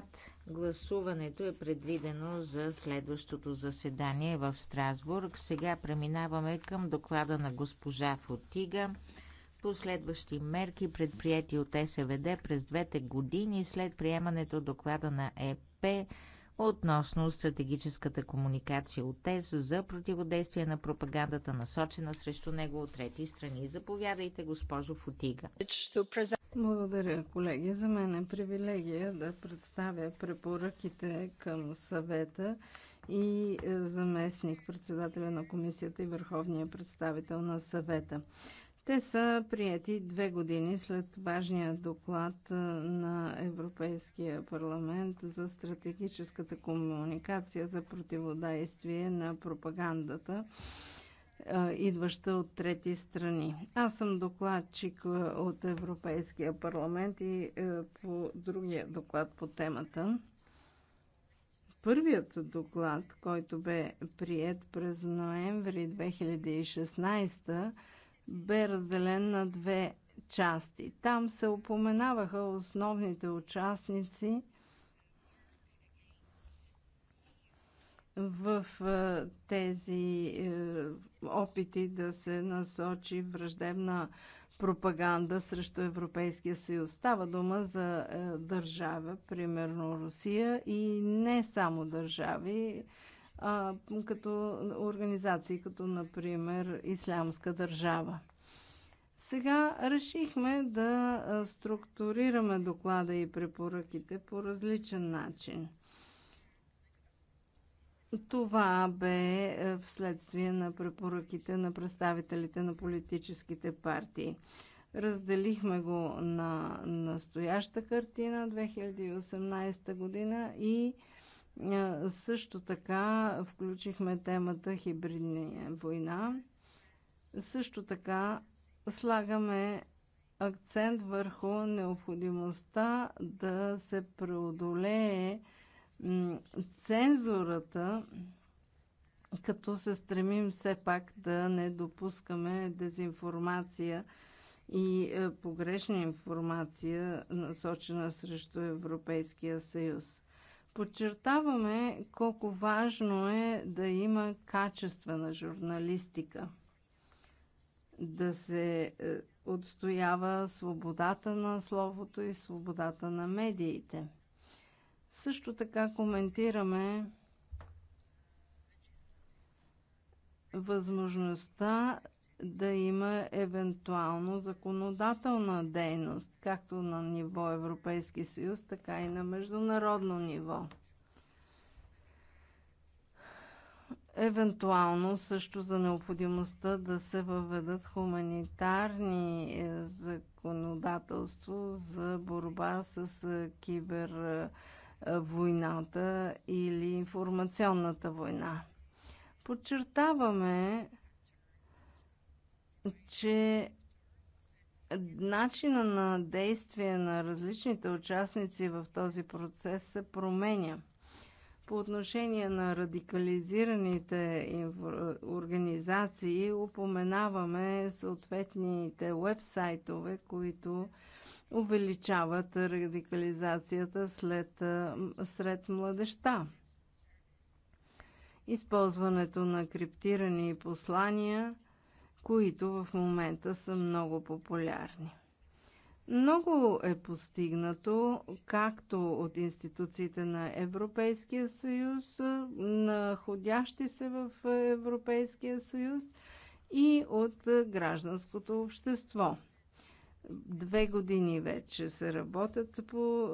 доклад. Гласуването е предвидено за следващото заседание в Страсбург. Сега преминаваме към доклада на госпожа Фотига. Последващи мерки, предприяти от СВД през двете години след приемането доклада на ЕП относно стратегическата комуникация от ЕС за противодействие на пропагандата, насочена срещу него от трети страни. Заповядайте, госпожо Фотига. Благодаря, колеги. За мен е привилегия да представя препоръките към съвета и е, заместник председателя на комисията и върховния представител на съвета. Те са прияти две години след важния доклад е, на Европейския парламент за стратегическата комуникация за противодействие на пропагандата идваща от трети страни. Аз съм докладчик от Европейския парламент и по другия доклад по темата. Първият доклад, който бе прият през ноември 2016, бе разделен на две части. Там се упоменаваха основните участници – в тези е, опити да се насочи враждебна пропаганда срещу Европейския съюз. Става дума за е, държава, примерно Русия и не само държави, а, като организации, като например Ислямска държава. Сега решихме да структурираме доклада и препоръките по различен начин – това бе е, вследствие на препоръките на представителите на политическите партии. Разделихме го на настояща картина 2018 година и е, също така включихме темата Хибридния е, война. Също така слагаме акцент върху необходимостта да се преодолее цензурата, като се стремим все пак да не допускаме дезинформация и е, погрешна информация, насочена срещу Европейския съюз. Подчертаваме колко важно е да има качествена журналистика, да се е, отстоява свободата на словото и свободата на медиите – също така коментираме възможността да има евентуално законодателна дейност, както на ниво Европейски съюз, така и на международно ниво. Евентуално също за необходимостта да се въведат хуманитарни е, законодателство за борба с е, кибер е, войната или информационната война. Подчертаваме, че начина на действие на различните участници в този процес се променя. По отношение на радикализираните организации упоменаваме съответните вебсайтове, които увеличават радикализацията след, сред младеща. Използването на криптирани послания, които в момента са много популярни. Много е постигнато, както от институциите на Европейския съюз, находящи се в Европейския съюз и от гражданското общество – Две години вече се, работят по,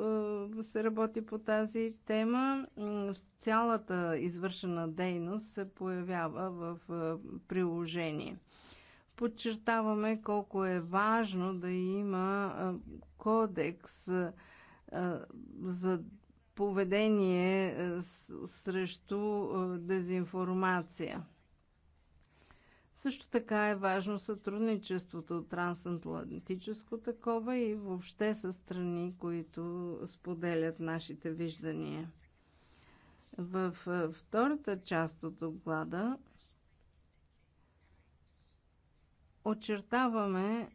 е, се работи по тази тема. Цялата извършена дейност се появява в е, приложение. Подчертаваме колко е важно да има е, кодекс за поведение срещу дезинформация. Също така е важно сътрудничеството, трансатлантическо такова и въобще с страни, които споделят нашите виждания. В втората част от доклада очертаваме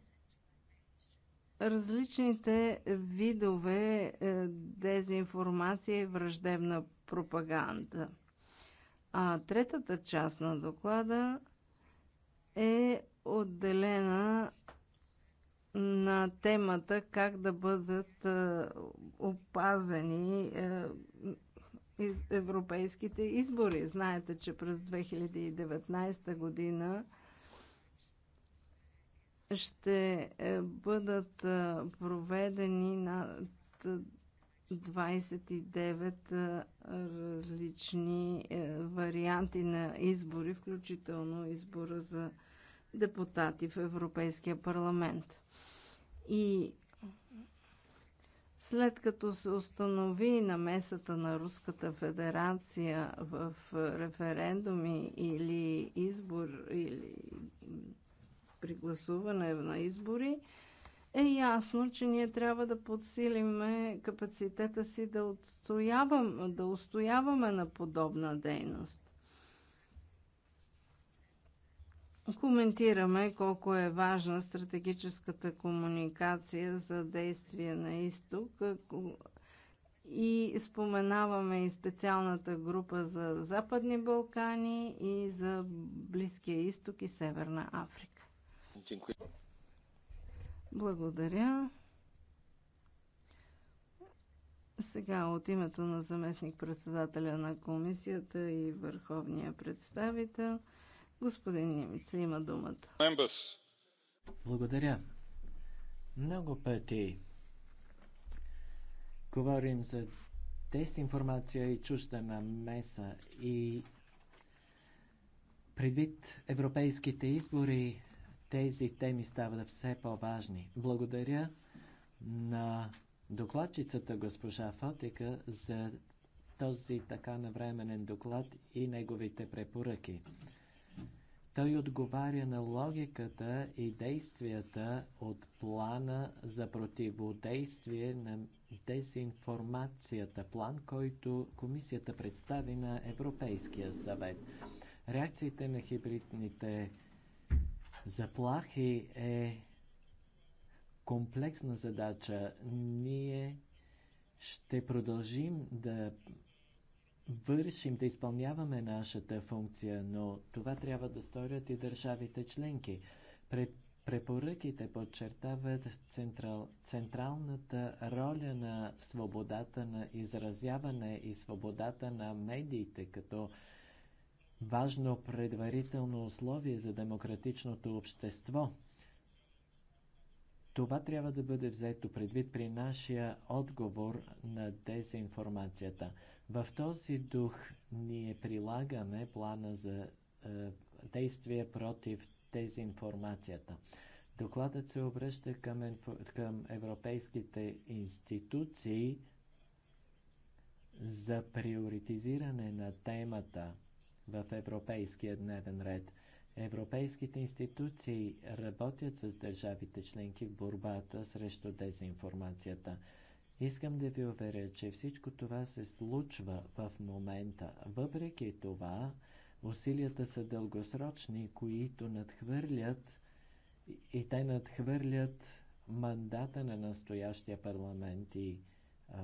различните видове е, дезинформация и враждебна пропаганда. А третата част на доклада е отделена на темата как да бъдат е, опазени е, европейските избори. Знаете, че през 2019 година ще е, бъдат проведени над 29 различни варианти на избори, включително избора за депутати в Европейския парламент. И след като се установи намесата на Руската федерация в референдуми или избор, или при гласуване на избори, е ясно, че ние трябва да подсилиме капацитета си да, да устояваме на подобна дейност. коментираме колко е важна стратегическата комуникация за действие на изток и споменаваме и специалната група за Западни Балкани и за Близкия изток и Северна Африка. Благодаря. Сега от името на заместник председателя на комисията и върховния представител – Господин Нимица има думата. Благодаря. Много пъти говорим за дезинформация и чужда намеса и предвид европейските избори тези теми стават все по-важни. Благодаря на докладчицата госпожа Фотика за този така навременен доклад и неговите препоръки. Той отговаря на логиката и действията от плана за противодействие на дезинформацията, план, който комисията представи на Европейския съвет. Реакциите на хибридните заплахи е комплексна задача. Ние ще продължим да вършим, да изпълняваме нашата функция, но това трябва да сторят и държавите членки. Пред Препоръките подчертават централ, централната роля на свободата на изразяване и свободата на медиите като важно предварително условие за демократичното общество. Това трябва да бъде взето предвид при нашия отговор на дезинформацията. В този дух ние прилагаме плана за е, действие против дезинформацията. Докладът се обръща към, към европейските институции за приоритизиране на темата в европейския дневен ред. Европейските институции работят с държавите членки в борбата срещу дезинформацията. Искам да ви уверя, че всичко това се случва в момента. Въпреки това, усилията са дългосрочни, които надхвърлят и те надхвърлят мандата на настоящия парламент и а,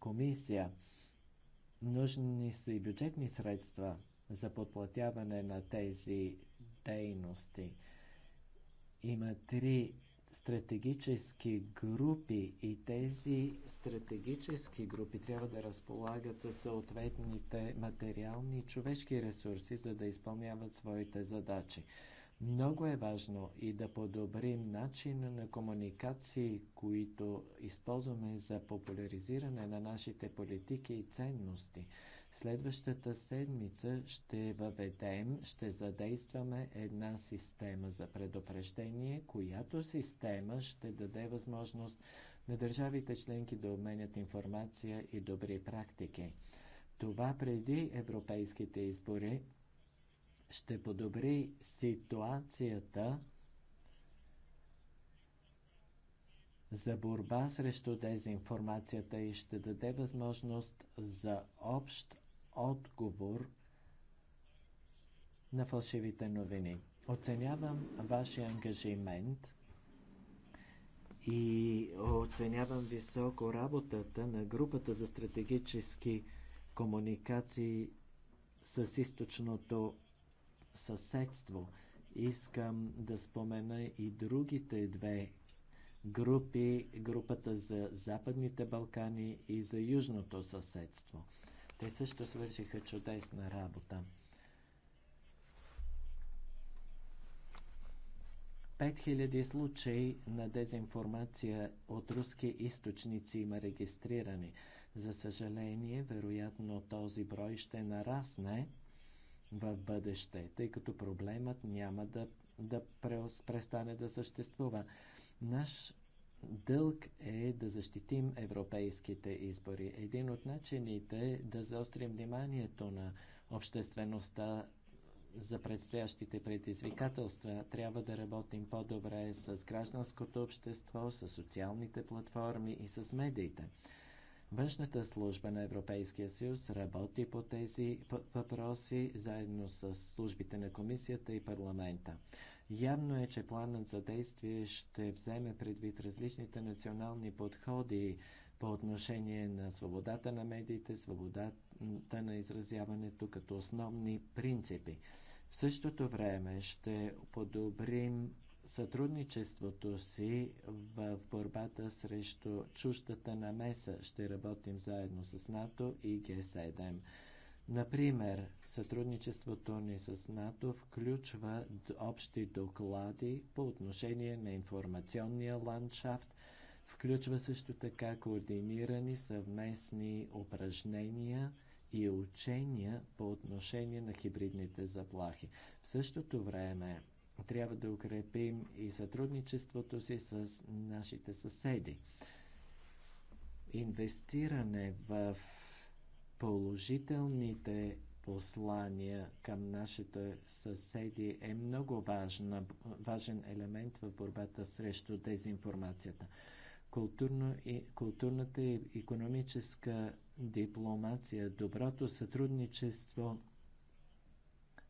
комисия. Нужни са и бюджетни средства за подплатяване на тези дейности. Има три стратегически групи и тези стратегически групи трябва да разполагат със съответните материални и човешки ресурси, за да изпълняват своите задачи. Много е важно и да подобрим начина на комуникации, които използваме за популяризиране на нашите политики и ценности – Следващата седмица ще въведем, ще задействаме една система за предупреждение, която система ще даде възможност на държавите членки да обменят информация и добри практики. Това преди европейските избори ще подобри ситуацията за борба срещу дезинформацията и ще даде възможност за общ отговор на фалшивите новини. Оценявам вашия ангажимент и оценявам високо работата на групата за стратегически комуникации с източното съседство. Искам да спомена и другите две групи, групата за Западните Балкани и за Южното съседство – те също свършиха чудесна работа. 5000 случаи на дезинформация от руски източници има регистрирани. За съжаление, вероятно този брой ще нарасне в бъдеще, тъй като проблемът няма да, да престане да съществува. Наш Дълг е да защитим европейските избори. Един от начините е да заострим вниманието на обществеността за предстоящите предизвикателства. Трябва да работим по-добре с гражданското общество, с социалните платформи и с медиите. Външната служба на Европейския съюз работи по тези въпроси заедно с службите на комисията и парламента. Явно е, че планът за действие ще вземе предвид различните национални подходи по отношение на свободата на медиите, свободата на изразяването като основни принципи. В същото време ще подобрим сътрудничеството си в борбата срещу чуждата намеса. Ще работим заедно с НАТО и Г7. Например, сътрудничеството ни с НАТО включва общи доклади по отношение на информационния ландшафт, включва също така координирани съвместни упражнения и учения по отношение на хибридните заплахи. В същото време трябва да укрепим и сътрудничеството си с нашите съседи. Инвестиране в положителните послания към нашите съседи е много важна, важен елемент в борбата срещу дезинформацията. Културно и, културната и економическа дипломация, доброто сътрудничество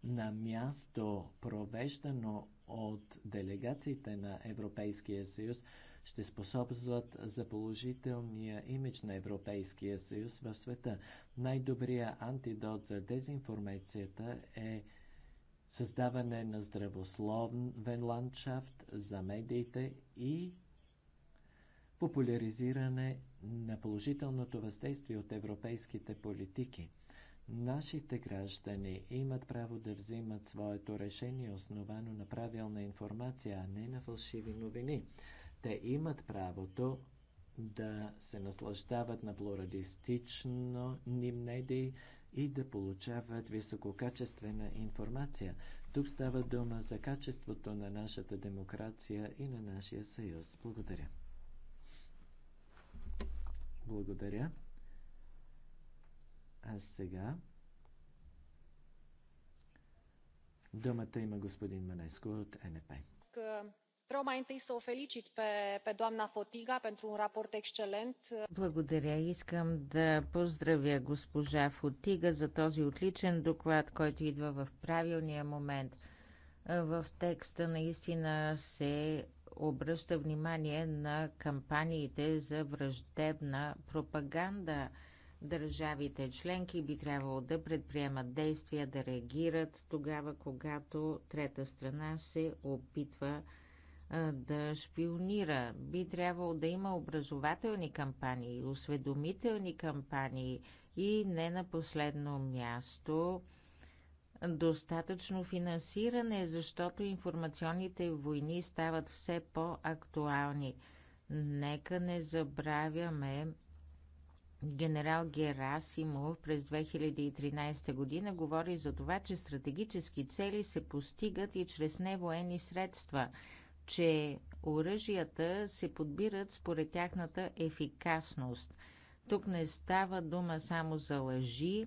на място, провеждано от делегациите на Европейския съюз, ще способстват за положителния имидж на Европейския съюз в света. Най-добрият антидот за дезинформацията е създаване на здравословен ландшафт за медиите и популяризиране на положителното въздействие от европейските политики. Нашите граждани имат право да взимат своето решение, основано на правилна информация, а не на фалшиви новини. Те имат правото да се наслаждават на плуралистични медии и да получават висококачествена информация. Тук става дума за качеството на нашата демокрация и на нашия съюз. Благодаря. Благодаря. А сега думата има господин Манеско от НП. Vreau mai întâi să o felicit pe, pe doamna Fotiga pentru un raport excelent. Благодаря. Искам да поздравя госпожа Фотига за този отличен доклад, който идва в правилния момент. В текста наистина се обръща внимание на кампаниите за враждебна пропаганда. Държавите членки би трябвало да предприемат действия, да реагират тогава, когато трета страна се опитва да шпионира. Би трябвало да има образователни кампании, осведомителни кампании и не на последно място достатъчно финансиране, защото информационните войни стават все по-актуални. Нека не забравяме генерал Герасимов през 2013 година говори за това, че стратегически цели се постигат и чрез невоенни средства – че оръжията се подбират според тяхната ефикасност. Тук не става дума само за лъжи,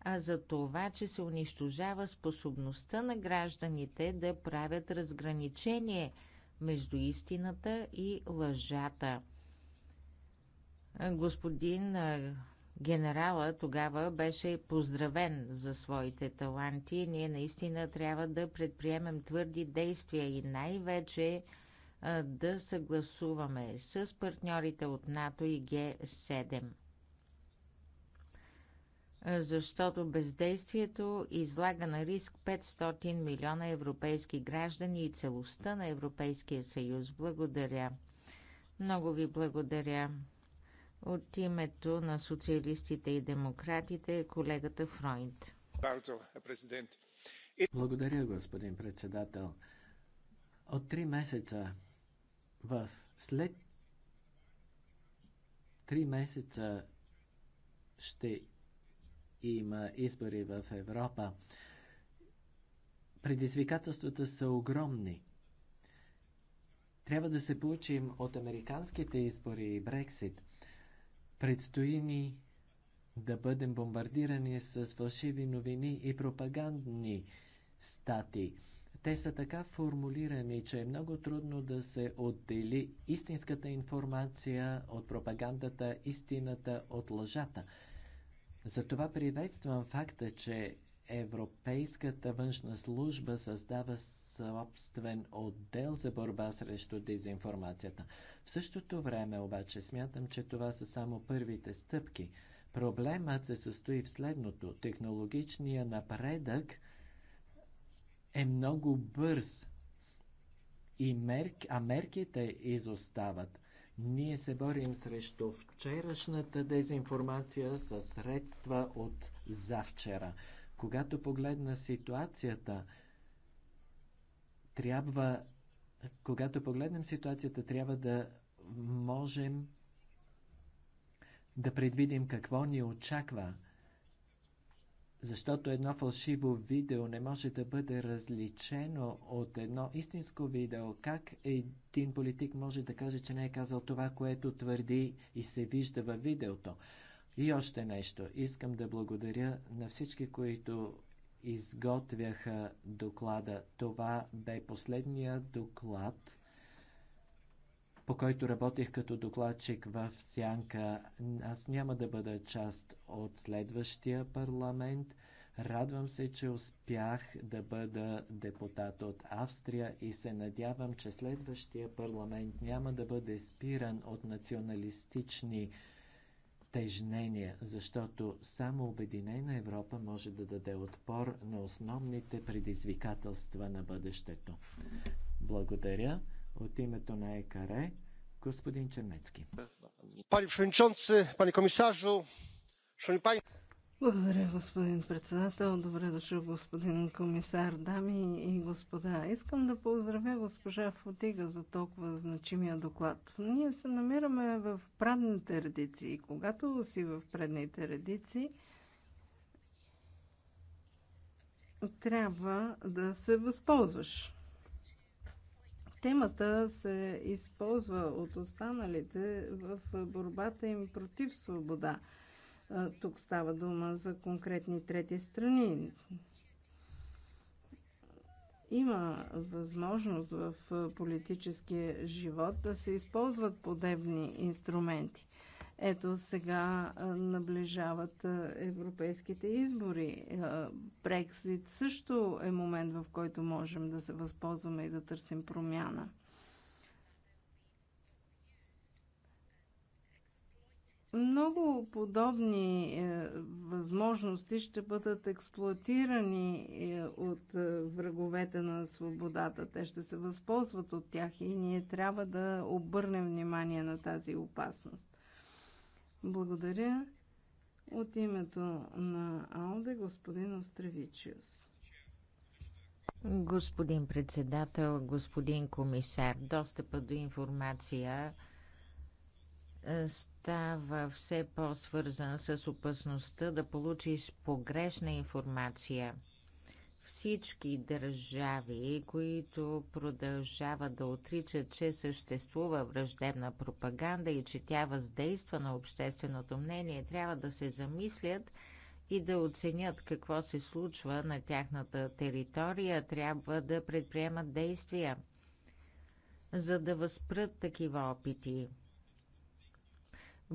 а за това, че се унищожава способността на гражданите да правят разграничение между истината и лъжата. Господин Генерала тогава беше поздравен за своите таланти. Ние наистина трябва да предприемем твърди действия и най-вече да съгласуваме с партньорите от НАТО и Г7. Защото бездействието излага на риск 500 милиона европейски граждани и целостта на Европейския съюз. Благодаря. Много ви благодаря. От името на социалистите и демократите е колегата Фройнд. Благодаря, господин председател. От три месеца в след три месеца ще има избори в Европа. Предизвикателствата са огромни. Трябва да се получим от американските избори и Брексит – Предстои ни да бъдем бомбардирани с фалшиви новини и пропагандни статии. Те са така формулирани, че е много трудно да се отдели истинската информация от пропагандата, истината от лъжата. Затова приветствам факта, че Европейската външна служба създава собствен отдел за борба срещу дезинформацията. В същото време обаче смятам, че това са само първите стъпки. Проблемът се състои в следното. Технологичният напредък е много бърз, и мерк, а мерките изостават. Ние се борим срещу вчерашната дезинформация със средства от завчера. Когато погледна ситуацията, трябва, когато погледнем ситуацията, трябва да можем да предвидим какво ни очаква. Защото едно фалшиво видео не може да бъде различено от едно истинско видео. Как един политик може да каже, че не е казал това, което твърди и се вижда във видеото? И още нещо. Искам да благодаря на всички, които изготвяха доклада. Това бе последния доклад, по който работих като докладчик в Сянка. Аз няма да бъда част от следващия парламент. Радвам се, че успях да бъда депутат от Австрия и се надявам, че следващия парламент няма да бъде спиран от националистични тежнения, защото само Обединена Европа може да даде отпор на основните предизвикателства на бъдещето. Благодаря от името на ЕКАРЕ, господин Чернецки. Пани Przewodniczący, Пани Комисажу, Шани Пани... Благодаря, господин председател. Добре дошъл, господин комисар, дами и господа. Искам да поздравя госпожа Фотига за толкова значимия доклад. Ние се намираме в предните редици когато си в предните редици, трябва да се възползваш. Темата се използва от останалите в борбата им против свобода – тук става дума за конкретни трети страни. Има възможност в политическия живот да се използват подебни инструменти. Ето сега наближават европейските избори. Брексит също е момент, в който можем да се възползваме и да търсим промяна. Много подобни е, възможности ще бъдат експлуатирани е, от е, враговете на свободата. Те ще се възползват от тях и ние трябва да обърнем внимание на тази опасност. Благодаря. От името на АЛДЕ господин Остревичиус. Господин председател, господин комисар, достъпа до информация става все по-свързан с опасността да получиш погрешна информация. Всички държави, които продължават да отричат, че съществува враждебна пропаганда и че тя въздейства на общественото мнение, трябва да се замислят и да оценят какво се случва на тяхната територия, трябва да предприемат действия, за да възпрат такива опити.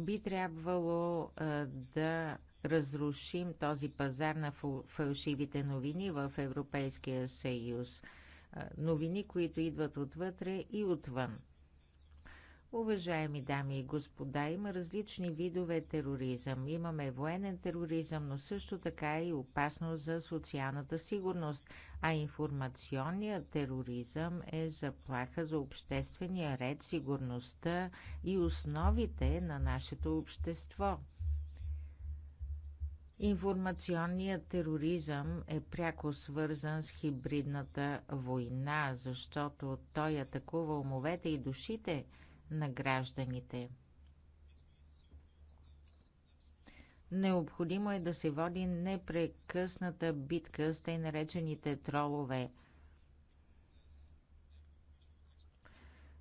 Би трябвало да разрушим този пазар на фалшивите новини в Европейския съюз. Новини, които идват отвътре и отвън. Уважаеми дами и господа, има различни видове тероризъм. Имаме военен тероризъм, но също така и опасност за социалната сигурност, а информационният тероризъм е заплаха за обществения ред, сигурността и основите на нашето общество. Информационният тероризъм е пряко свързан с хибридната война, защото той атакува умовете и душите – на гражданите. Необходимо е да се води непрекъсната битка с тъй наречените тролове.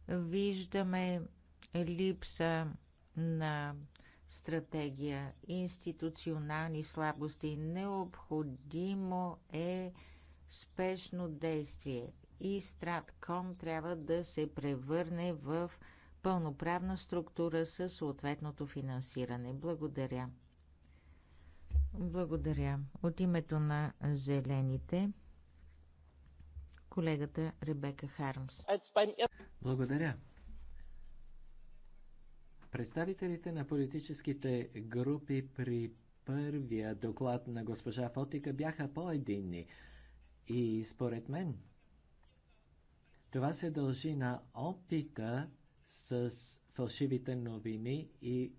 Виждаме липса на стратегия, институционални слабости. Необходимо е спешно действие и Стратком трябва да се превърне в пълноправна структура с съответното финансиране. Благодаря. Благодаря. От името на Зелените, колегата Ребека Хармс. Благодаря. Представителите на политическите групи при първия доклад на госпожа Фотика бяха по-единни. И според мен това се дължи на опита с фалшивите новини и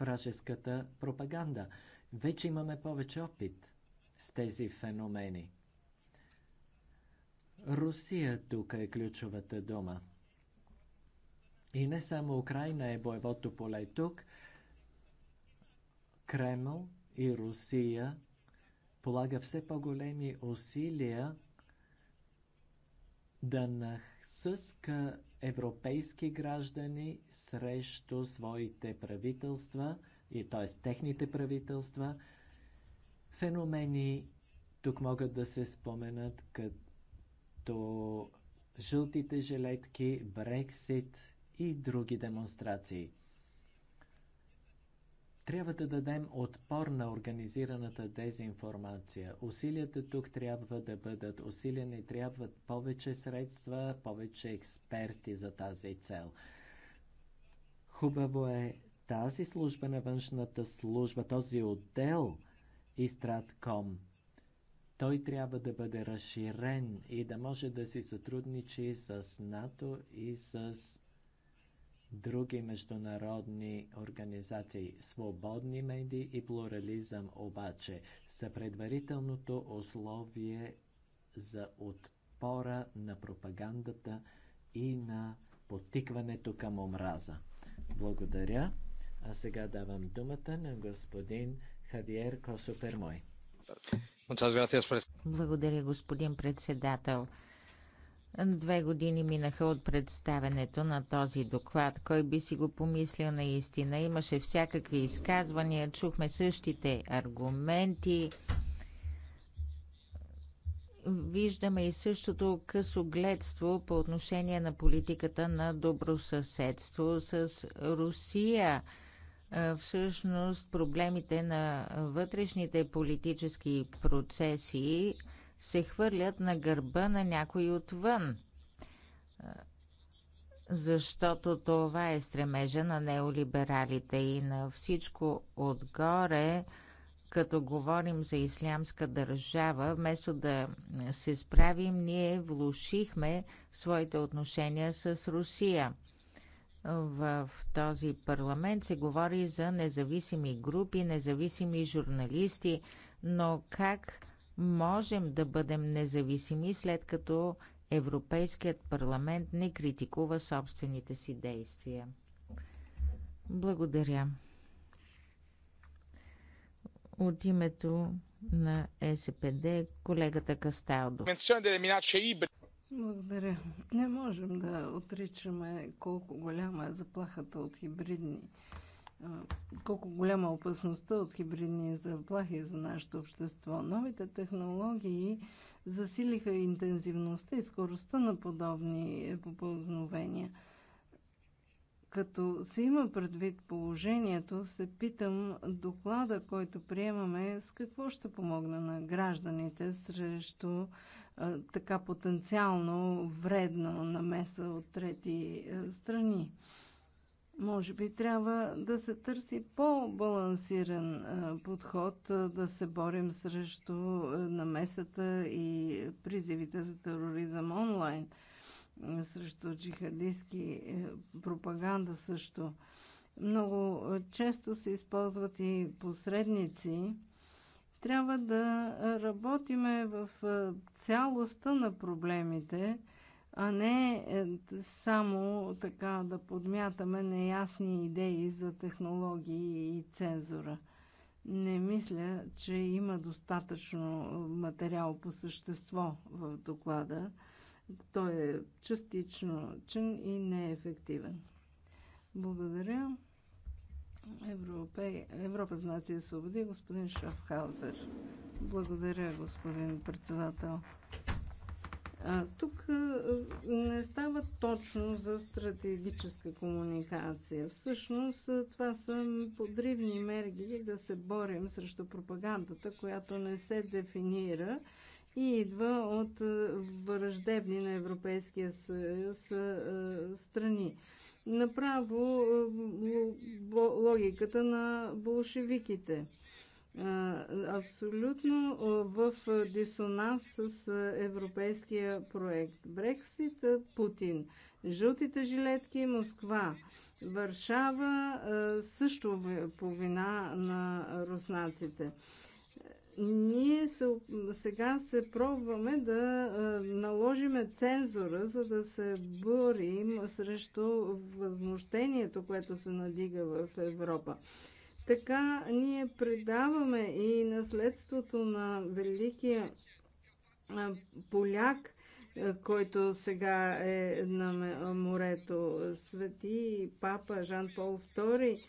вражеската пропаганда. Вече имаме повече опит с тези феномени. Русия тук е ключовата дума. И не само Украина е боевото поле тук. Кремл и Русия полага все по-големи усилия да нах с европейски граждани срещу своите правителства, и т.е. техните правителства. Феномени тук могат да се споменат като жълтите жилетки, Брексит и други демонстрации – трябва да дадем отпор на организираната дезинформация. Усилията тук трябва да бъдат усилени, трябват повече средства, повече експерти за тази цел. Хубаво е тази служба на външната служба, този отдел Стратком, той трябва да бъде разширен и да може да си сътрудничи с НАТО и с други международни организации. Свободни медии и плурализъм обаче са предварителното условие за отпора на пропагандата и на потикването към омраза. Благодаря. А сега давам думата на господин Хавиер Косопермой. Благодаря, господин председател. Две години минаха от представенето на този доклад. Кой би си го помислил наистина? Имаше всякакви изказвания, чухме същите аргументи. Виждаме и същото късогледство по отношение на политиката на добросъседство с Русия. Е, всъщност проблемите на вътрешните политически процеси се хвърлят на гърба на някой отвън. Защото това е стремежа на неолибералите и на всичко отгоре, като говорим за ислямска държава, вместо да се справим, ние влушихме своите отношения с Русия. В този парламент се говори за независими групи, независими журналисти, но как можем да бъдем независими, след като Европейският парламент не критикува собствените си действия. Благодаря. От името на СПД колегата Касталдо. Благодаря. Не можем да отричаме колко голяма е заплахата от хибридни колко голяма е опасността от хибридни заплахи за нашето общество. Новите технологии засилиха интензивността и скоростта на подобни попълзновения. Като се има предвид положението, се питам доклада, който приемаме, с какво ще помогна на гражданите срещу а, така потенциално вредно намеса от трети а, страни. Може би трябва да се търси по-балансиран подход, да се борим срещу намесата и призивите за тероризъм онлайн, срещу джихадистки пропаганда също. Много често се използват и посредници. Трябва да работиме в цялостта на проблемите – а не е, само така да подмятаме неясни идеи за технологии и цензура. Не мисля, че има достатъчно е, материал по същество в доклада. Той е частично чен и неефективен. Благодаря. Европей... Европа за нация свободи, господин Шафхаузер. Благодаря, господин председател. А, тук не става точно за стратегическа комуникация. Всъщност това са подривни мерки да се борим срещу пропагандата, която не се дефинира и идва от враждебни на Европейския съюз страни. Направо логиката на болшевиките – абсолютно в дисонанс с европейския проект. Брексит, Путин, жълтите жилетки, Москва, Варшава също по вина на руснаците. Ние сега се пробваме да наложиме цензура, за да се борим срещу възмущението, което се надига в Европа. Така ние предаваме и наследството на великия поляк, който сега е на морето. Свети папа Жан Пол II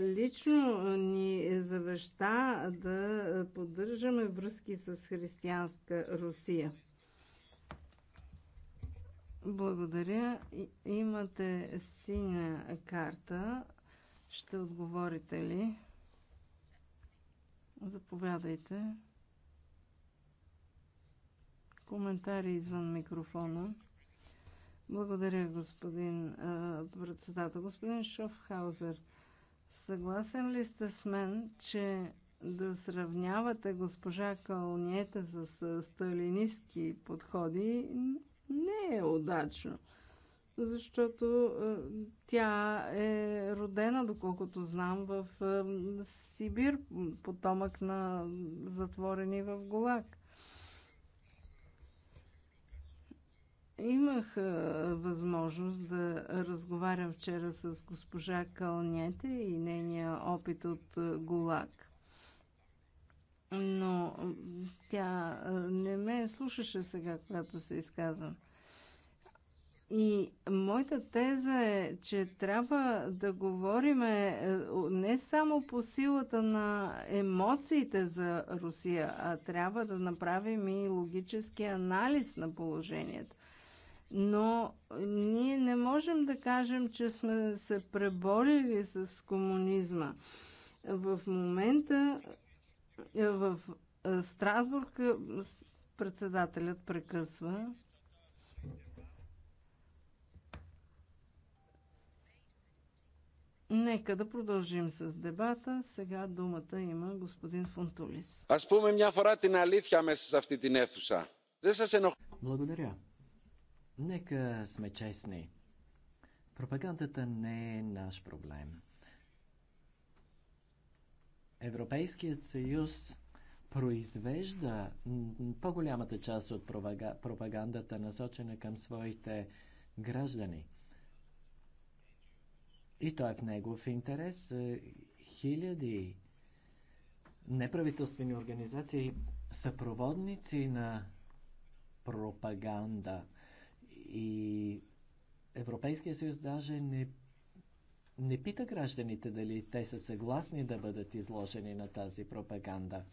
лично ни завеща да поддържаме връзки с християнска Русия. Благодаря. Имате синя карта ще отговорите ли? Заповядайте. Коментари извън микрофона. Благодаря, господин председател. Господин Шофхаузер, съгласен ли сте с мен, че да сравнявате госпожа Калниета с сталинистки подходи не е удачно защото е, тя е родена, доколкото знам, в е, Сибир, потомък на затворени в Голак. Имах е, възможност да разговарям вчера с госпожа Кълнете и нейния опит от Голак. Но тя не ме слушаше сега, когато се изказвам. И моята теза е, че трябва да говорим е, не само по силата на емоциите за Русия, а трябва да направим и логически анализ на положението. Но ние не можем да кажем, че сме се преборили с комунизма. В момента е, в е, Страсбург председателят прекъсва Нека да продължим с дебата. Сега думата има господин Фунтулис. Аз πούμε мя фарати на алифия меса с αυτή Благодаря. Нека сме честни. Пропагандата не е наш проблем. Европейският съюз произвежда по-голямата част от пропагандата, насочена към своите граждани. И то е в негов интерес. Е, хиляди неправителствени организации са проводници на пропаганда. И Европейския съюз даже не, не пита гражданите дали те са съгласни да бъдат изложени на тази пропаганда.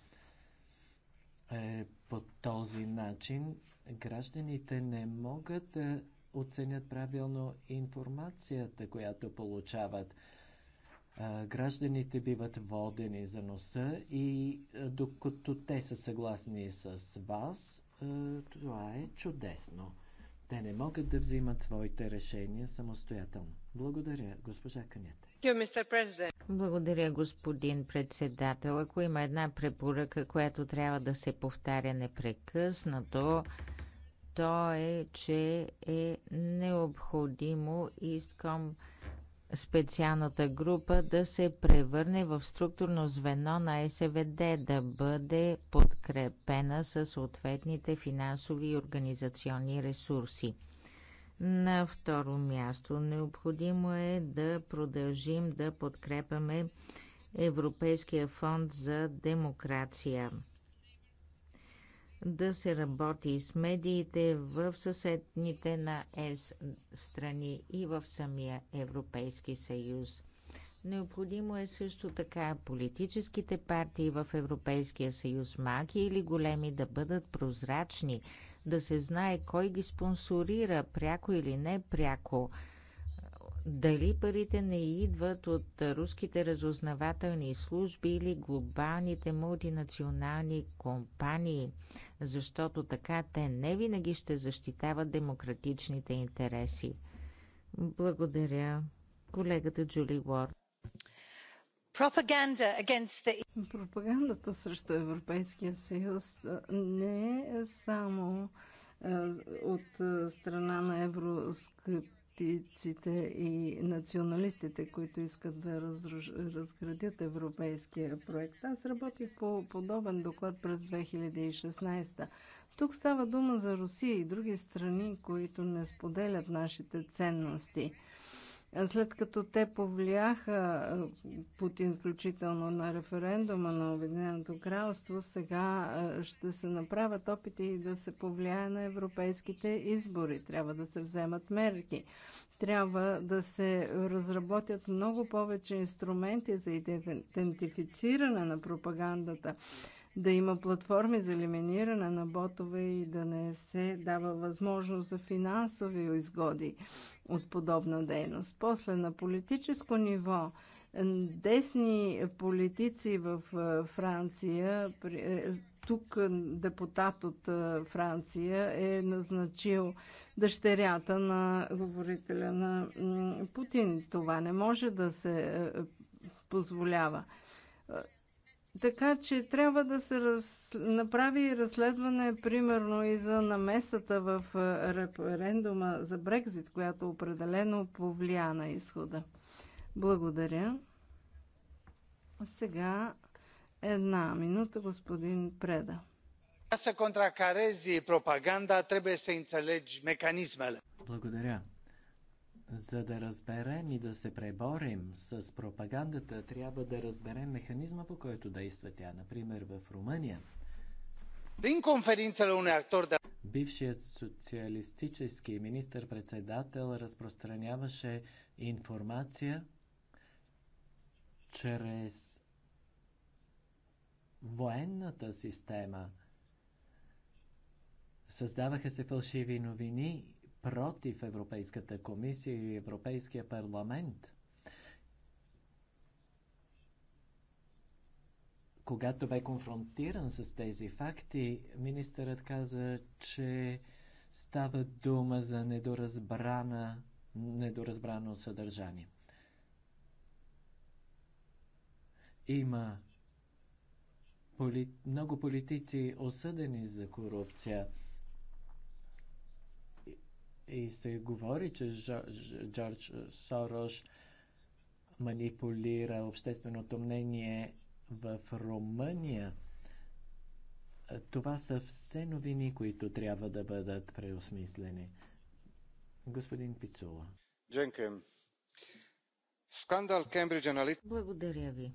Е, по този начин гражданите не могат да оценят правилно информацията, която получават. Гражданите биват водени за носа и докато те са съгласни с вас, това е чудесно. Те не могат да взимат своите решения самостоятелно. Благодаря, госпожа Канята. Благодаря, господин председател. Ако има една препоръка, която трябва да се повтаря непрекъснато, то е, че е необходимо и към специалната група да се превърне в структурно звено на СВД, да бъде подкрепена със съответните финансови и организационни ресурси. На второ място необходимо е да продължим да подкрепяме Европейския фонд за демокрация – да се работи с медиите в съседните на ЕС страни и в самия Европейски съюз. Необходимо е също така политическите партии в Европейския съюз, маки или големи, да бъдат прозрачни, да се знае кой ги спонсорира, пряко или не пряко дали парите не идват от руските разузнавателни служби или глобалните мултинационални компании, защото така те не винаги ще защитават демократичните интереси. Благодаря. Колегата Джули Уорд. Пропагандата срещу Европейския съюз не е само от страна на евроскептиците евроскептиците и националистите, които искат да разруш... разградят европейския проект. Аз работих по подобен доклад през 2016. Тук става дума за Русия и други страни, които не споделят нашите ценности – след като те повлияха Путин включително на референдума на Обединеното кралство, сега ще се направят опити и да се повлияе на европейските избори. Трябва да се вземат мерки. Трябва да се разработят много повече инструменти за идентифициране на пропагандата да има платформи за елиминиране на ботове и да не се дава възможност за финансови изгоди от подобна дейност. После на политическо ниво десни политици в Франция, е, тук депутат от Франция е назначил дъщерята на говорителя на Путин. Това не може да се е, е, позволява. Така че трябва да се раз... направи разследване, примерно и за намесата в референдума за Брекзит, която определено повлия на изхода. Благодаря. Сега една минута, господин Преда. Ca Благодаря. За да разберем и да се преборим с пропагандата, трябва да разберем механизма, по който действа тя. Например, в Румъния. Din conferințele unui actor de бившият социалистически министър-председател разпространяваше информация чрез военната система. Създаваха се фалшиви новини против Европейската комисия и Европейския парламент. Когато бе конфронтиран с тези факти, министърът каза, че става дума за недоразбрана, недоразбрано съдържание. Има поли... много политици осъдени за корупция – и се говори, че Джордж Сорош манипулира общественото мнение в Румъния. Това са все новини, които трябва да бъдат преосмислени. Господин Пицула. Дженкем. Скандал Кембридж Аналитика. Благодаря ви.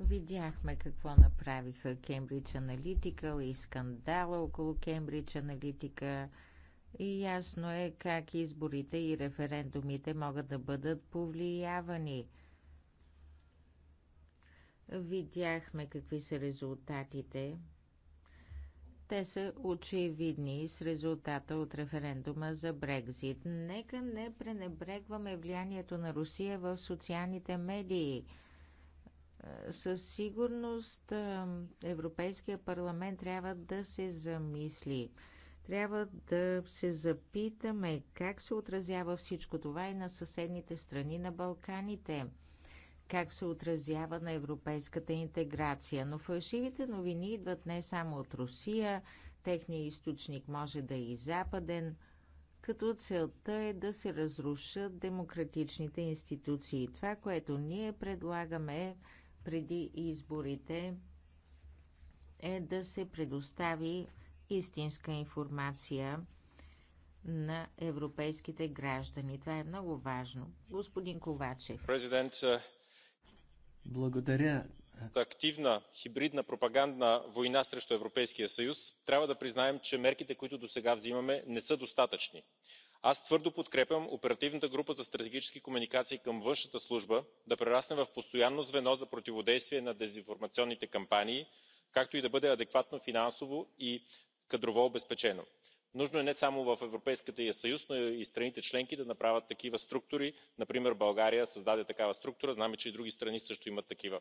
Видяхме какво направиха Кембридж Аналитика и скандала около Кембридж Аналитика. Analytica и ясно е как изборите и референдумите могат да бъдат повлиявани. Видяхме какви са резултатите. Те са очевидни с резултата от референдума за Брекзит. Нека не пренебрегваме влиянието на Русия в социалните медии. Със сигурност Европейския парламент трябва да се замисли трябва да се запитаме как се отразява всичко това и на съседните страни на Балканите, как се отразява на европейската интеграция. Но фалшивите новини идват не само от Русия, техният източник може да е и западен, като целта е да се разрушат демократичните институции. Това, което ние предлагаме преди изборите, е да се предостави истинска информация на европейските граждани. Това е много важно. Господин Ковачев. Президент, е, благодаря. Активна хибридна пропагандна война срещу Европейския съюз, трябва да признаем, че мерките, които до сега взимаме, не са достатъчни. Аз твърдо подкрепям оперативната група за стратегически комуникации към външната служба да прерасне в постоянно звено за противодействие на дезинформационните кампании, както и да бъде адекватно финансово и кадрово обезпечено. нужно е не само в европейския съюз но и страните членки да направят такива структури например българия създаде такава структура знаем че и други страни също имат такива.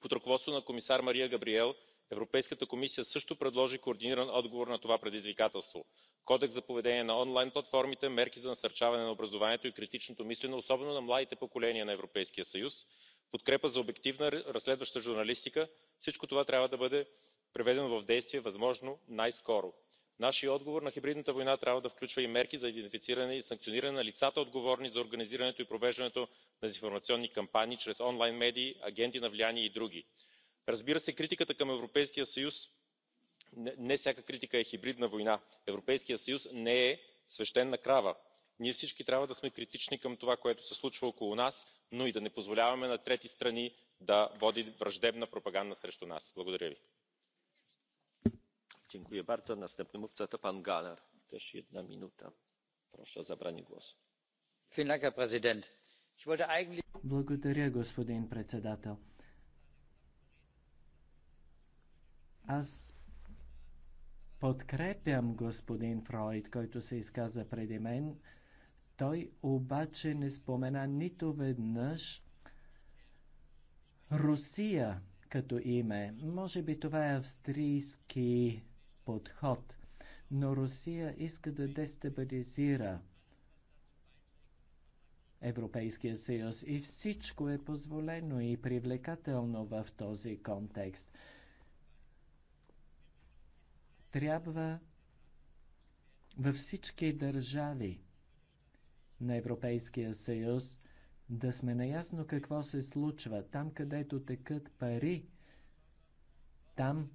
под ръководството на комисар мария габриел европейската комисия също предложи координиран отговор на това предизвикателство кодекс за поведение на онлайн платформите мерки за насърчаване на образованието и критичното мислене особено на младите поколения на европейския съюз подкрепа за обективна разследваща журналистика. всичко това трябва да бъде приведено в действие възможно най скоро. нашият отговор на хибридната война трябва да включва и мерки за идентифициране и санкциониране на лицата отговорни за организирането и провеждането на дезинформационни кампании чрез онлайн медии агенти на влияние и други. разбира се критиката към европейския съюз не всяка критика е хибридна война. европейският съюз не е свещена крава. ние всички трябва да сме критични към това което се случва около нас но и да не позволяваме на трети страни да водят враждебна пропаганда срещу нас. благодаря ви. Dziękuję bardzo. Благодаря, господин председател. Аз подкрепям господин Фройд, който се изказа преди мен. Той обаче не спомена нито веднъж Русия като име. Може би това е австрийски подход. Но Русия иска да дестабилизира Европейския съюз и всичко е позволено и привлекателно в този контекст. Трябва във всички държави на Европейския съюз да сме наясно какво се случва. Там, където текат пари, там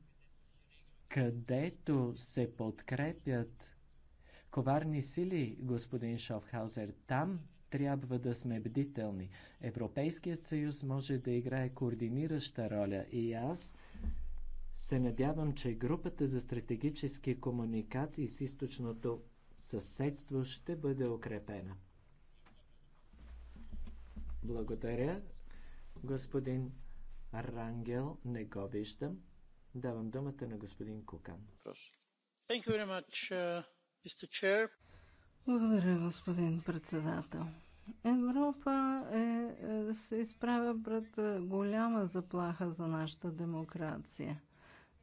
където се подкрепят коварни сили, господин Шофхаузер, там трябва да сме бдителни. Европейският съюз може да играе координираща роля и аз се надявам, че групата за стратегически комуникации с източното съседство ще бъде укрепена. Благодаря, господин Рангел, не го виждам. Давам думата на господин Кукан. Uh, Благодаря, господин председател. Европа е, е се изправя пред е, голяма заплаха за нашата демокрация.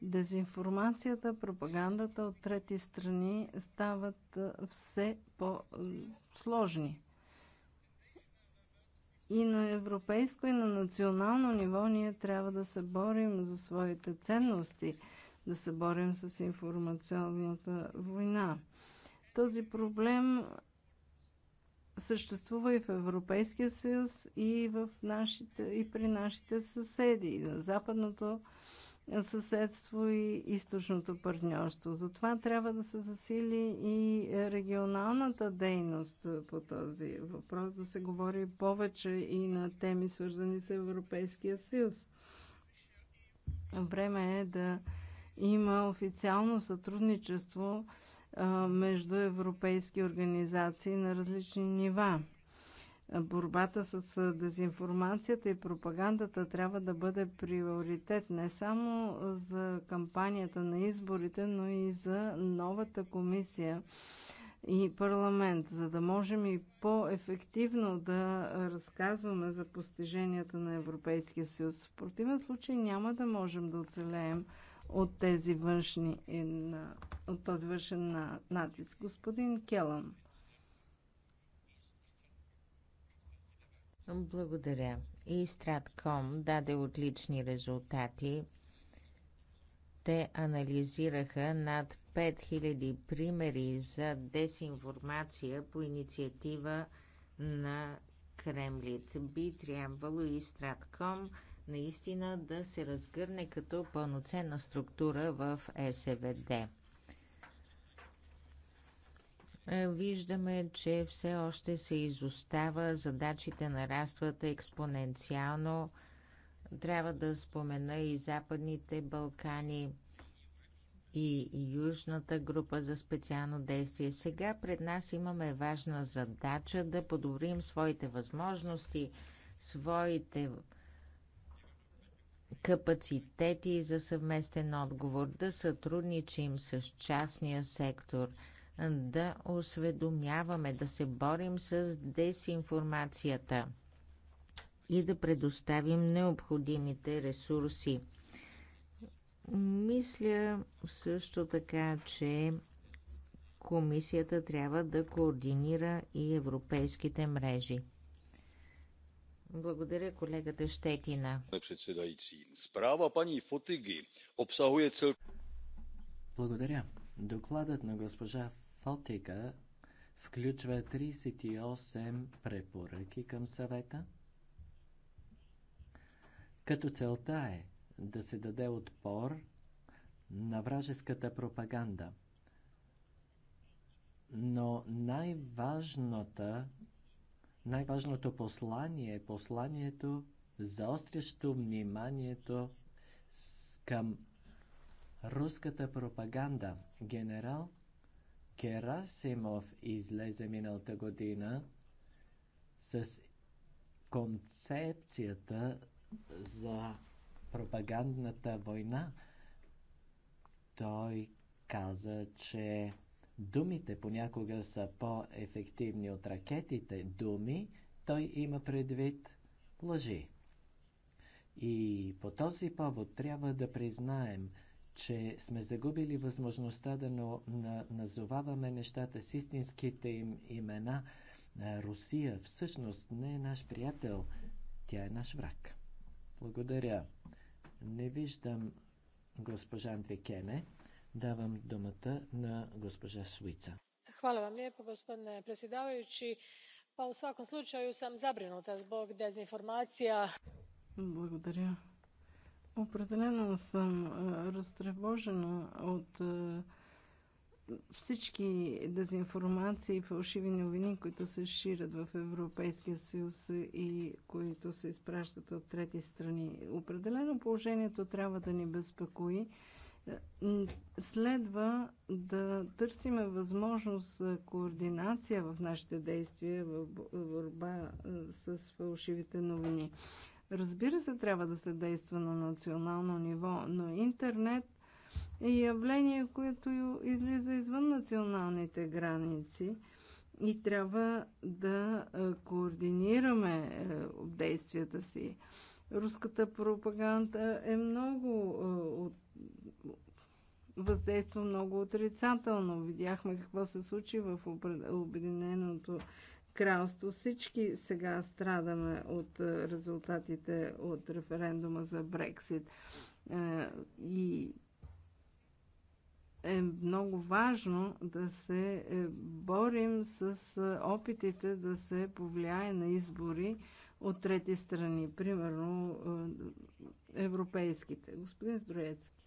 Дезинформацията, пропагандата от трети страни стават е, все по-сложни. И на европейско, и на национално ниво ние трябва да се борим за своите ценности, да се борим с информационната война. Този проблем съществува и в Европейския съюз, и, в нашите, и при нашите съседи, и на западното съседство и източното партньорство. Затова трябва да се засили и регионалната дейност по този въпрос, да се говори повече и на теми, свързани с Европейския съюз. Време е да има официално сътрудничество между европейски организации на различни нива борбата с дезинформацията и пропагандата трябва да бъде приоритет не само за кампанията на изборите, но и за новата комисия и парламент, за да можем и по-ефективно да разказваме за постиженията на Европейския съюз. В противен случай няма да можем да оцелеем от тези външни, от този външен натиск. Господин Келъм. Благодаря. И Стратком даде отлични резултати. Те анализираха над 5000 примери за дезинформация по инициатива на Кремлит. Би трябвало и Стратком наистина да се разгърне като пълноценна структура в СВД. Е, виждаме, че все още се изостава, задачите нарастват експоненциално. Трябва да спомена и Западните Балкани и Южната група за специално действие. Сега пред нас имаме важна задача да подобрим своите възможности, своите капацитети за съвместен отговор, да сътрудничим с частния сектор – да осведомяваме, да се борим с дезинформацията и да предоставим необходимите ресурси. Мисля също така, че комисията трябва да координира и европейските мрежи. Благодаря колегата Щетина. Справа пани Фотиги обсахуе цел... Благодаря. Докладът на госпожа Фотига включва 38 препоръки към съвета, като целта е да се даде отпор на вражеската пропаганда. Но най най-важното послание е посланието, заострящо вниманието към руската пропаганда. Генерал Керасимов излезе миналата година с концепцията за пропагандната война. Той каза, че думите понякога са по-ефективни от ракетите. Думи той има предвид лъжи. И по този повод трябва да признаем – че сме загубили възможността да на, назоваваме нещата с истинските им имена. Русия всъщност не е наш приятел, тя е наш враг. Благодаря. Не виждам госпожа Андрикене. Давам думата на госпожа Суица. Hvala vam lijepo gospodine predsjedavajući. Pa u svakom slučaju sam zabrinuta zbog dezinformacija. Благодаря, Определено съм разтревожена от всички дезинформации и фалшиви новини, които се ширят в Европейския съюз и които се изпращат от трети страни. Определено положението трябва да ни безпокои. Е, следва да търсиме възможност за координация в нашите действия в борба с фалшивите новини. Разбира се, трябва да се действа на национално ниво, но интернет е явление, което излиза извън националните граници и трябва да е, координираме е, действията си. Руската пропаганда е много е, въздейства много отрицателно. Видяхме какво се случи в Обединеното кралство. Всички сега страдаме от е, резултатите от референдума за Брексит. Е, и е много важно да се е, борим с опитите да се повлияе на избори от трети страни, примерно европейските. Господин Здроецки.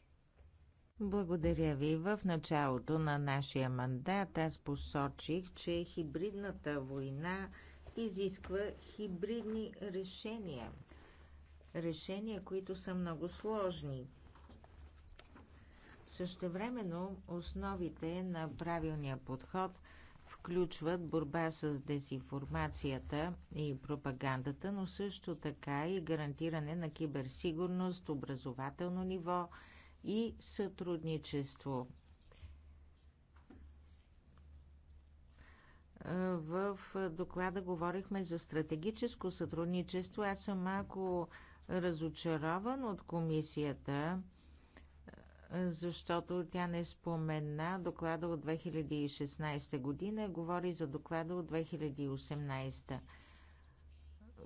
Благодаря ви. В началото на нашия мандат аз посочих, че хибридната война изисква хибридни решения. Решения, които са много сложни. Същевременно основите на правилния подход включват борба с дезинформацията и пропагандата, но също така и гарантиране на киберсигурност, образователно ниво – и сътрудничество. В доклада говорихме за стратегическо сътрудничество. Аз съм малко разочарован от комисията, защото тя не спомена доклада от 2016 година, говори за доклада от 2018.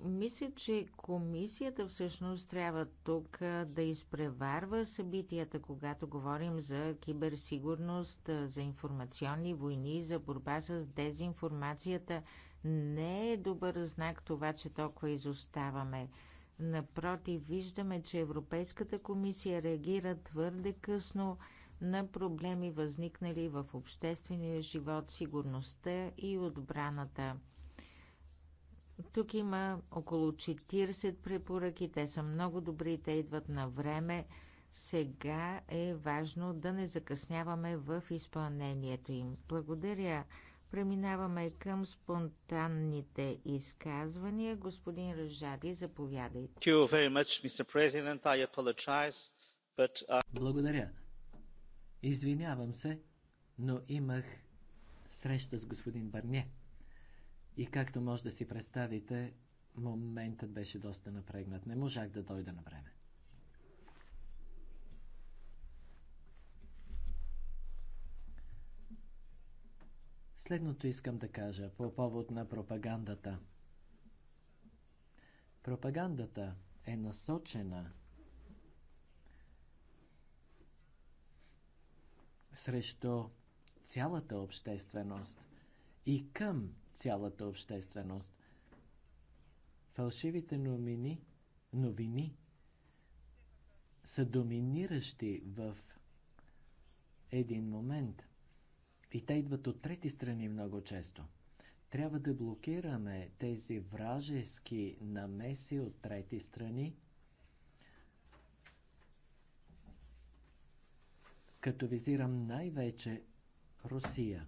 Мисля, че комисията всъщност трябва тук да изпреварва събитията, когато говорим за киберсигурност, за информационни войни, за борба с дезинформацията. Не е добър знак това, че толкова изоставаме. Напротив, виждаме, че Европейската комисия реагира твърде късно на проблеми, възникнали в обществения живот, сигурността и отбраната. Тук има около 40 препоръки, те са много добри, те идват на време. Сега е важно да не закъсняваме в изпълнението им. Благодаря. Преминаваме към спонтанните изказвания. Господин Ръжаби, заповядайте. Uh, Благодаря. Извинявам се, но имах среща с господин Барне. И както може да си представите, моментът беше доста напрегнат. Не можах да дойда на време. Следното искам да кажа по повод на пропагандата. Пропагандата е насочена срещу цялата общественост и към цялата общественост. Фалшивите новини, новини са доминиращи в един момент и те идват от трети страни много често. Трябва да блокираме тези вражески намеси от трети страни, като визирам най-вече Русия.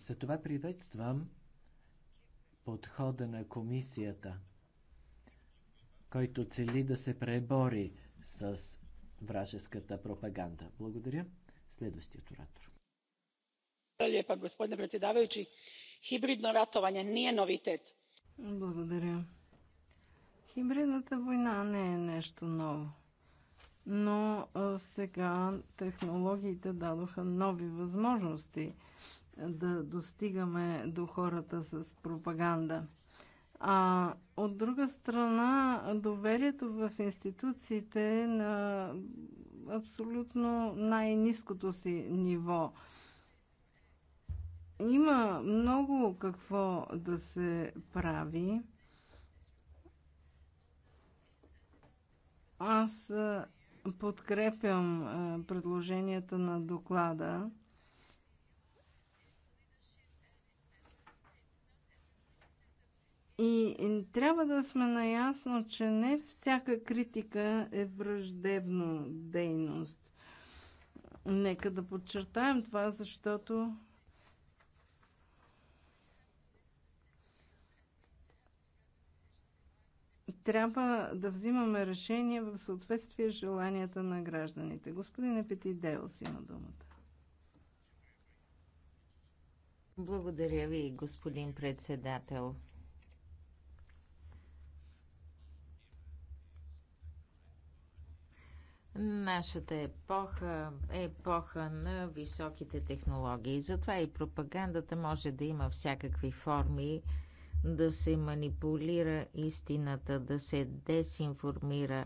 Затова приветствам подхода на комисията, който цели да се пребори с вражеската пропаганда. Благодаря. Следващият оратор. председавайчи. Хибридно hibridno не е новитет. Благодаря. Хибридната война не е нещо ново. Но сега технологиите дадоха нови възможности да достигаме до хората с пропаганда. А от друга страна, доверието в институциите е на абсолютно най-низкото си ниво. Има много какво да се прави. Аз подкрепям предложенията на доклада И трябва да сме наясно, че не всяка критика е враждебно дейност. Нека да подчертаем това, защото трябва да взимаме решения в съответствие с желанията на гражданите. Господин Епети Деос има думата. Благодаря ви, господин председател. Нашата епоха е епоха на високите технологии. Затова и пропагандата може да има всякакви форми да се манипулира истината, да се дезинформира.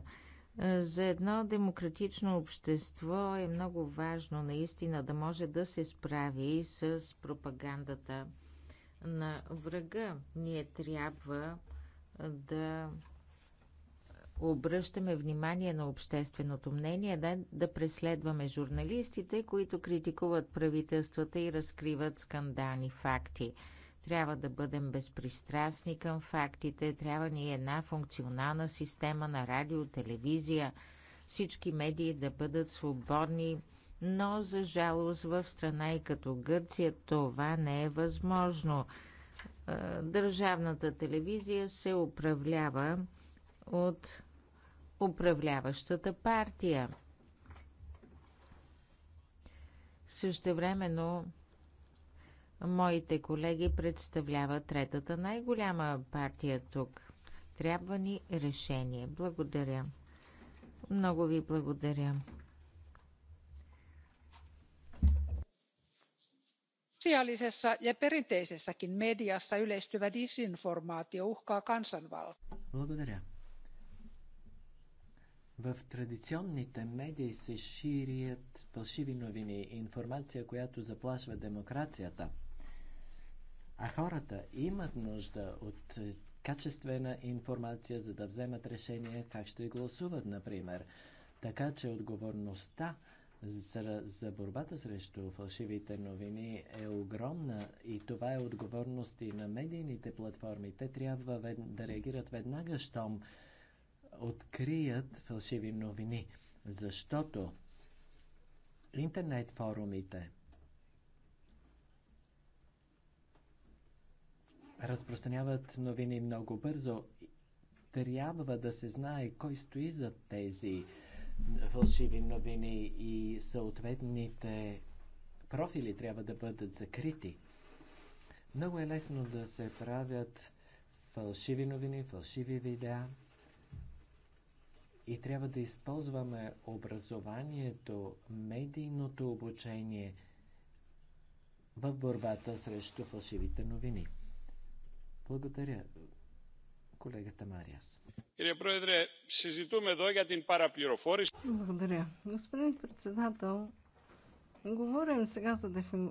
За едно демократично общество е много важно наистина да може да се справи с пропагандата на врага. Ние трябва да обръщаме внимание на общественото мнение, да, да преследваме журналистите, които критикуват правителствата и разкриват скандални факти. Трябва да бъдем безпристрастни към фактите, трябва ни една функционална система на радио, телевизия, всички медии да бъдат свободни, но за жалост в страна и като Гърция това не е възможно. Е, държавната телевизия се управлява от управляващата партия. Същевременно моите колеги представляват третата най-голяма партия тук. Трябва ни решение. Благодаря. Много ви благодаря. sosiaalisessa ja perinteisessäkin mediassa yleistyvä disinformaatio uhkaa kansanvaltaa. В традиционните медии се ширят фалшиви новини и информация, която заплашва демокрацията. А хората имат нужда от е, качествена информация, за да вземат решение как ще гласуват, например. Така че отговорността за, за борбата срещу фалшивите новини е огромна и това е отговорност и на медийните платформи. Те трябва да реагират веднага, щом открият фалшиви новини, защото интернет форумите разпространяват новини много бързо. Трябва да се знае кой стои за тези фалшиви новини и съответните профили трябва да бъдат закрити. Много е лесно да се правят фалшиви новини, фалшиви видеа и трябва да използваме образованието, медийното обучение в борбата срещу фалшивите новини. Благодаря, колегата Мариас. Благодаря. Господин председател, говорим сега за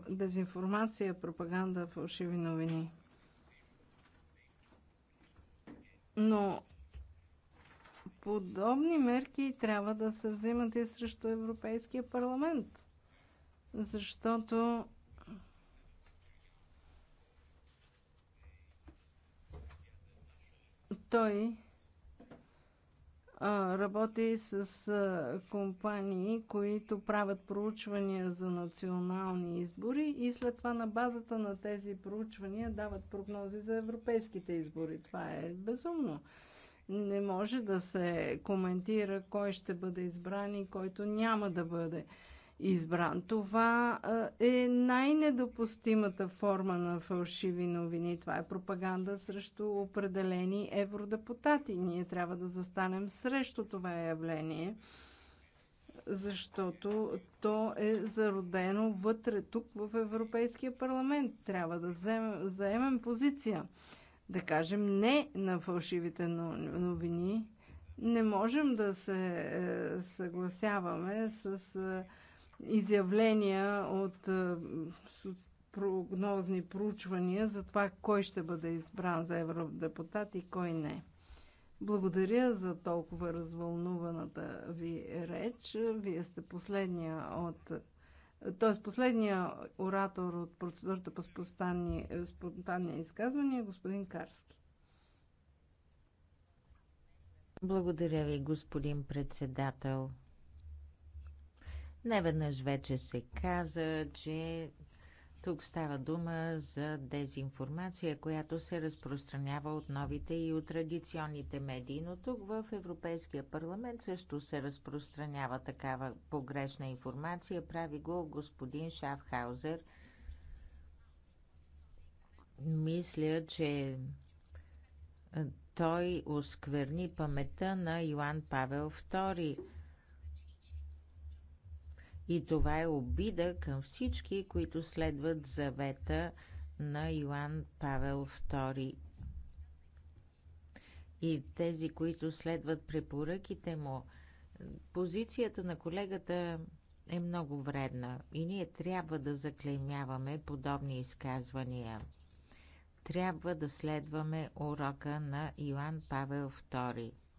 дезинформация, пропаганда, фалшиви новини. Но подобни мерки трябва да се взимат и срещу Европейския парламент. Защото той работи с компании, които правят проучвания за национални избори и след това на базата на тези проучвания дават прогнози за европейските избори. Това е безумно не може да се коментира кой ще бъде избран и който няма да бъде избран. Това е най-недопустимата форма на фалшиви новини. Това е пропаганда срещу определени евродепутати. Ние трябва да застанем срещу това явление, защото то е зародено вътре тук в Европейския парламент. Трябва да заемем позиция да кажем не на фалшивите новини. Не можем да се е, съгласяваме с е, изявления от е, прогнозни проучвания за това кой ще бъде избран за евродепутат и кой не. Благодаря за толкова развълнуваната ви реч. Вие сте последния от т.е. последния оратор от процедурата по спонтанни, е, спонтанни изказвания е господин Карски. Благодаря ви, господин председател. Неведнъж вече се каза, че тук става дума за дезинформация, която се разпространява от новите и от традиционните медии, но тук в Европейския парламент също се разпространява такава погрешна информация. Прави го господин Шафхаузер. Мисля, че той оскверни памета на Йоан Павел II и това е обида към всички, които следват завета на Йоанн Павел II и тези, които следват препоръките му. Позицията на колегата е много вредна и ние трябва да заклеймяваме подобни изказвания. Трябва да следваме урока на Йоан Павел II –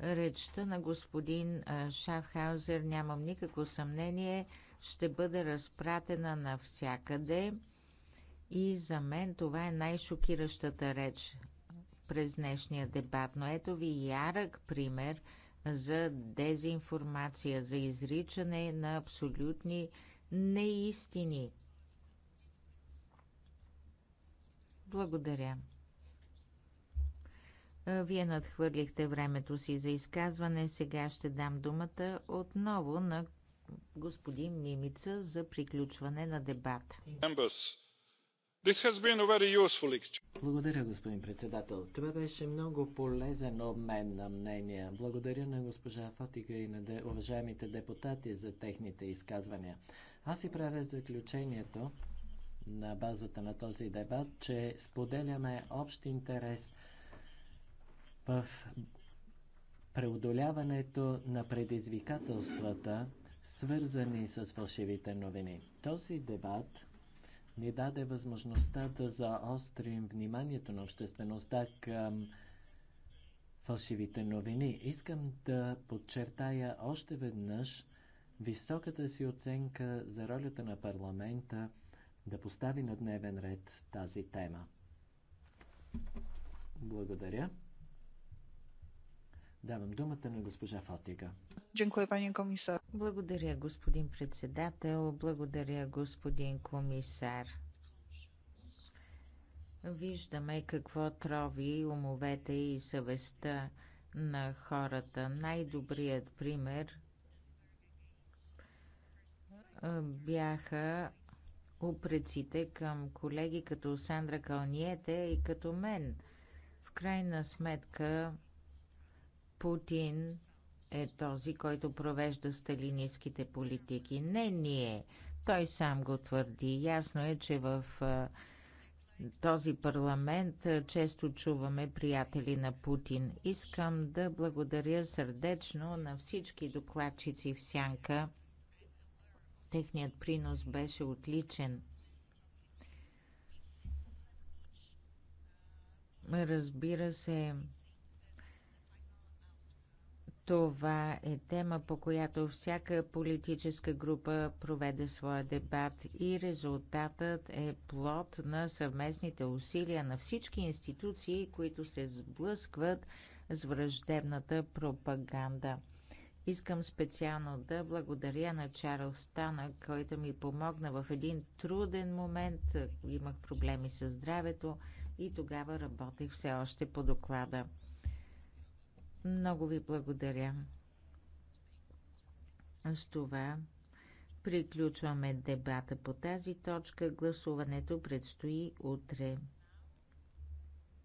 речта на господин Шафхаузер, нямам никакво съмнение, ще бъде разпратена навсякъде. И за мен това е най-шокиращата реч през днешния дебат. Но ето ви ярък пример за дезинформация, за изричане на абсолютни неистини. Благодаря. Вие надхвърлихте времето си за изказване. Сега ще дам думата отново на господин Мимица за приключване на дебата. Благодаря, господин председател. Това беше много полезен обмен на мнения. Благодаря на госпожа Фотика и на де... уважаемите депутати за техните изказвания. Аз си правя заключението на базата на този дебат, че споделяме общ интерес – в преодоляването на предизвикателствата, свързани с фалшивите новини. Този дебат ни даде възможността да заострим вниманието на обществеността към фалшивите новини. Искам да подчертая още веднъж високата си оценка за ролята на парламента да постави на дневен ред тази тема. Благодаря. Давам думата на госпожа Фотига. Благодаря, господин председател. Благодаря, господин комисар. Виждаме какво трови умовете и съвестта на хората. Най-добрият пример бяха упреците към колеги като Сандра Калниете и като мен. В крайна сметка Путин е този, който провежда сталинистските политики. Не ние. Той сам го твърди. Ясно е, че в този парламент често чуваме приятели на Путин. Искам да благодаря сърдечно на всички докладчици в Сянка. Техният принос беше отличен. Разбира се, това е тема, по която всяка политическа група проведе своя дебат и резултатът е плод на съвместните усилия на всички институции, които се сблъскват с враждебната пропаганда. Искам специално да благодаря на Чарл Стана, който ми помогна в един труден момент. Имах проблеми с здравето и тогава работех все още по доклада. Много ви благодаря. С това приключваме дебата по тази точка. Гласуването предстои утре.